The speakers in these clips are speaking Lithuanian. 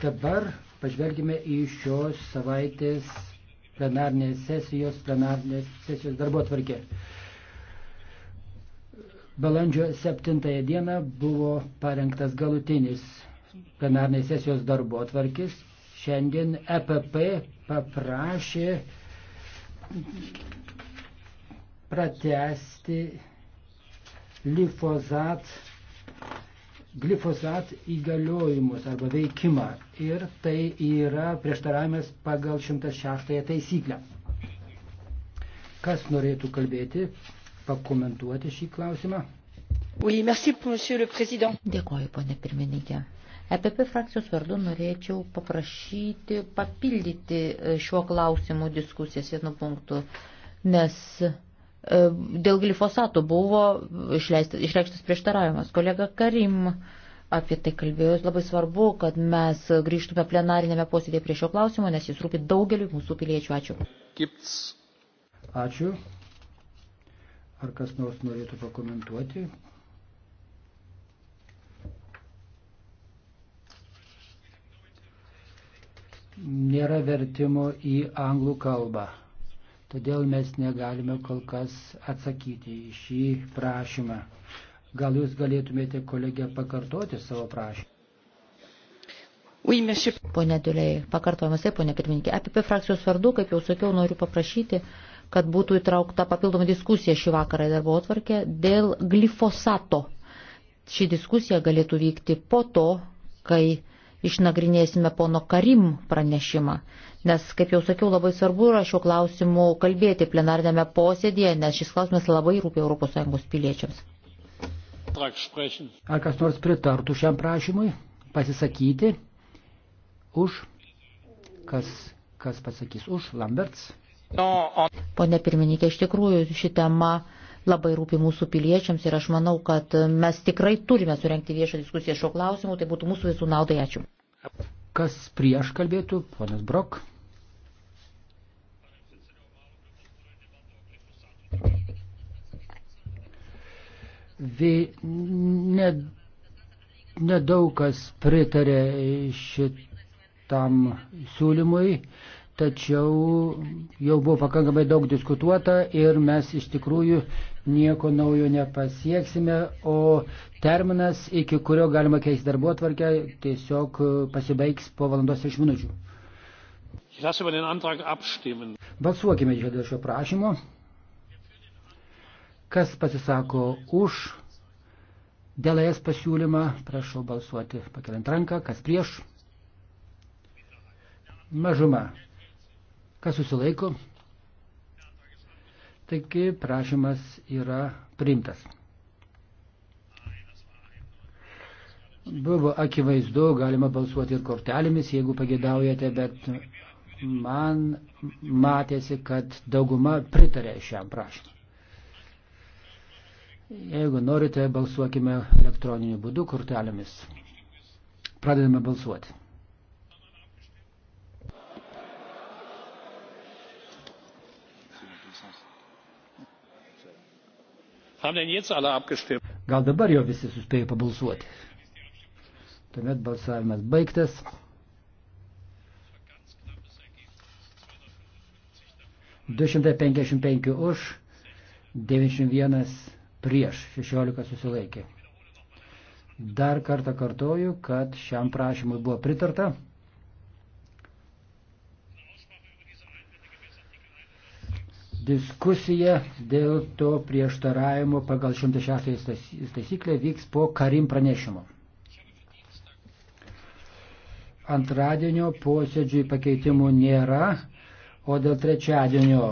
Dabar pažvelgime į šios savaitės plenarnės sesijos, plenarnės sesijos darbo tvarkė. Balandžio 7 dieną buvo parengtas galutinis plenarnės sesijos darbo tvarkis. Šiandien EPP paprašė pratesti lifozat glifosat įgaliojimus arba veikimą ir tai yra prieštaravimas pagal 106 taisyklę. Kas norėtų kalbėti, pakomentuoti šį klausimą? Oui, merci, monsieur le président. Dėkoju, ponė pirmininkė. EPP frakcijos vardu norėčiau paprašyti papildyti e, šiuo klausimu diskusijas vienu punktu, nes E, dėl glifosato buvo išleistas, išreikštas prieštaravimas. Kolega Karim apie tai kalbėjo. Labai svarbu, kad mes grįžtume plenarinėme posėdėje prie šio klausimo, nes jis rūpi daugeliu mūsų piliečių. Ačiū. Kipts. Ačiū. Ar kas nors norėtų pakomentuoti? Nėra vertimo į anglų kalbą. Todėl mes negalime kol kas atsakyti į šį prašymą. Gal jūs galėtumėte, kolegė, pakartoti savo prašymą? Oui, monsieur. Pone Dulėjai, pakartojimas, taip, ponė pirmininkė. Apie frakcijos vardu, kaip jau sakiau, noriu paprašyti, kad būtų įtraukta papildoma diskusija šį vakarą į darbo atvarkę dėl glifosato. Ši diskusija galėtų vykti po to, kai išnagrinėsime pono Karim pranešimą, nes, kaip jau sakiau, labai svarbu yra šiuo klausimu kalbėti plenardėme posėdėje, nes šis klausimas labai rūpi ES piliečiams. Ar kas nors pritartų šiam prašymui pasisakyti už, kas, kas pasakys už, Lamberts? Pone pirmininkė, iš tikrųjų ši tema labai rūpi mūsų piliečiams ir aš manau, kad mes tikrai turime surenkti viešą diskusiją šio klausimu, tai būtų mūsų visų naudai. Ačiū. Kas prieš kalbėtų, ponas Brok? Vi, ne, nedaug kas pritarė šitam siūlymui tačiau jau buvo pakankamai daug diskutuota ir mes iš tikrųjų nieko naujo nepasieksime, o terminas, iki kurio galima keisti darbo atvarkę, tiesiog pasibaigs po valandos iš minučių. Balsuokime čia dėl šio prašymo. Kas pasisako už dėl es pasiūlymą, prašau balsuoti pakeliant ranką, kas prieš. Mažuma. Kas susilaiko? Taigi prašymas yra priimtas. Buvo akivaizdu, galima balsuoti ir kortelėmis, jeigu pagėdaujate, bet man matėsi, kad dauguma pritarė šiam prašymui. Jeigu norite, balsuokime elektroniniu būdu kortelėmis. Pradedame balsuoti. Gal dabar jau visi suspėjo pabalsuoti? Tuomet balsavimas baigtas. Du šimtai penkiasdešimt penki už, devyniasdešimt vienas prieš, šešiolika susilaikė. Dar kartą kartoju, kad šiam prašymui buvo pritarta. Diskusija dėl to prieštaravimo pagal 106 taisyklę vyks po Karim pranešimo. Antradienio posėdžiui pakeitimų nėra, o dėl trečiadienio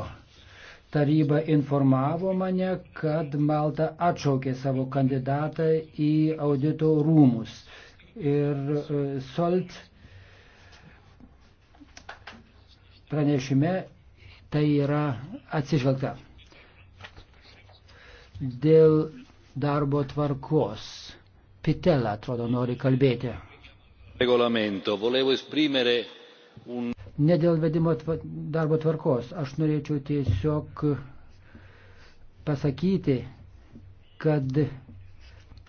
taryba informavo mane, kad Malta atšaukė savo kandidatą į audito rūmus. Ir e, Solt pranešime tai yra atsižvelgta. Dėl darbo tvarkos. Pitela, atrodo, nori kalbėti. Regolamento. Volevo esprimere un... Ne dėl vedimo tva darbo tvarkos. Aš norėčiau tiesiog pasakyti, kad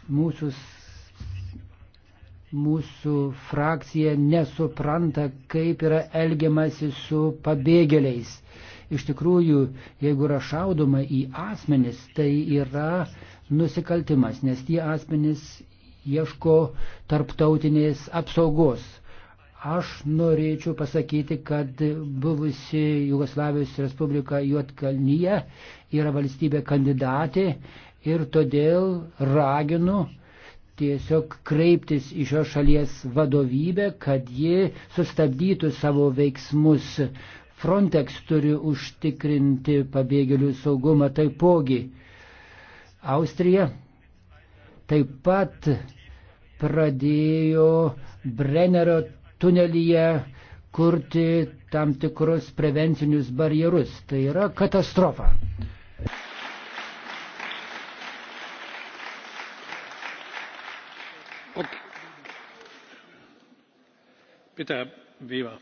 mūsų, mūsų frakcija nesupranta, kaip yra elgiamasi su pabėgėliais. Iš tikrųjų, jeigu yra šaudoma į asmenis, tai yra nusikaltimas, nes tie asmenys ieško tarptautinės apsaugos. Aš norėčiau pasakyti, kad buvusi Jugoslavijos Respublika Juotkalnyje yra valstybė kandidatė ir todėl raginu tiesiog kreiptis į šios šalies vadovybę, kad ji sustabdytų savo veiksmus Frontex turi užtikrinti pabėgėlių saugumą taipogi. Austrija taip pat pradėjo Brennerio tunelyje kurti tam tikrus prevencinius barjerus. Tai yra katastrofa. Bitte, Herr Weber.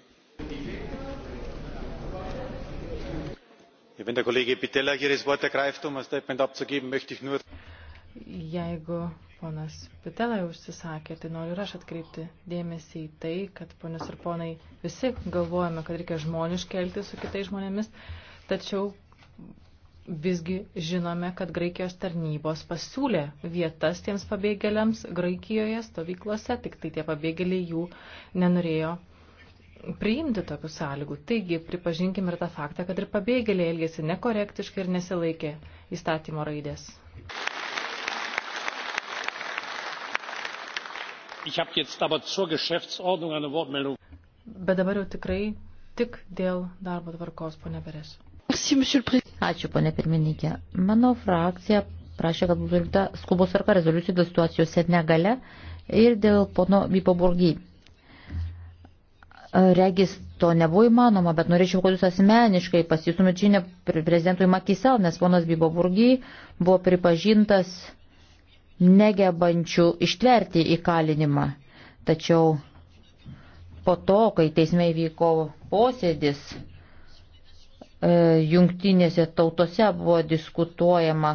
wenn der kollege pittella hier das wort ergreift um ein statement abzugeben möchte ich nur Jeigu ponas Pitela jau užsisakė, tai noriu ir aš atkreipti dėmesį į tai, kad ponios ir ponai visi galvojame, kad reikia žmoniškai elgtis su kitais žmonėmis, tačiau visgi žinome, kad Graikijos tarnybos pasiūlė vietas tiems pabėgėliams Graikijoje stovyklose, tik tai tie pabėgėliai jų nenorėjo priimti tokių sąlygų. Taigi, pripažinkim ir tą faktą, kad ir pabėgėliai elgėsi nekorektiškai ir nesilaikė įstatymo raidės. Bet dabar jau tikrai tik dėl darbo tvarkos, ponė Beres. Ačiū, ponė pirmininkė. Mano frakcija prašė, kad būtų rimta skubos arka rezoliucija dėl situacijos Senegale ir dėl pono Bipo Burgy. Regis to nebuvo įmanoma, bet norėčiau, kad jūs asmeniškai pasiūstumėt žinę prezidentui Makisel, nes ponas Biboburgy buvo pripažintas negebančių ištverti įkalinimą. Tačiau po to, kai teisme įvyko posėdis, e, jungtinėse tautose buvo diskutuojama.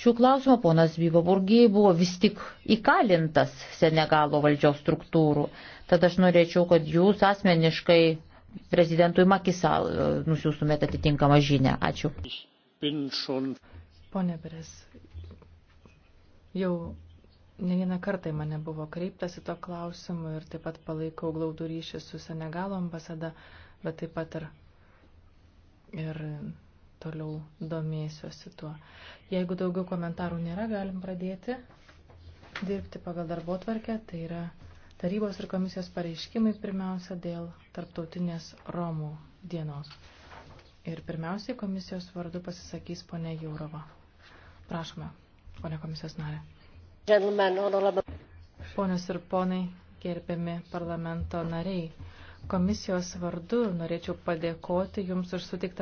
Šių klausimų ponas Biboburgiai buvo vis tik įkalintas Senegalo valdžios struktūrų. Tad aš norėčiau, kad jūs asmeniškai prezidentui Makisal e, nusiųstumėte atitinkamą žinę. Ačiū. Pone Beres, jau ne vieną kartą į mane buvo kreiptasi to klausimu ir taip pat palaikau glaudų ryšį su Senegalo ambasada, bet taip pat ir, ir toliau domėsiuosi tuo. Jeigu daugiau komentarų nėra, galim pradėti dirbti pagal darbo tvarkę, tai yra tarybos ir komisijos pareiškimai pirmiausia dėl tarptautinės Romų dienos. Ir pirmiausiai komisijos vardu pasisakys ponė Jūrova. Prašome, ponė komisijos narė. Ponios ir ponai, gerbiami parlamento nariai, komisijos vardu norėčiau padėkoti Jums už sutiktą.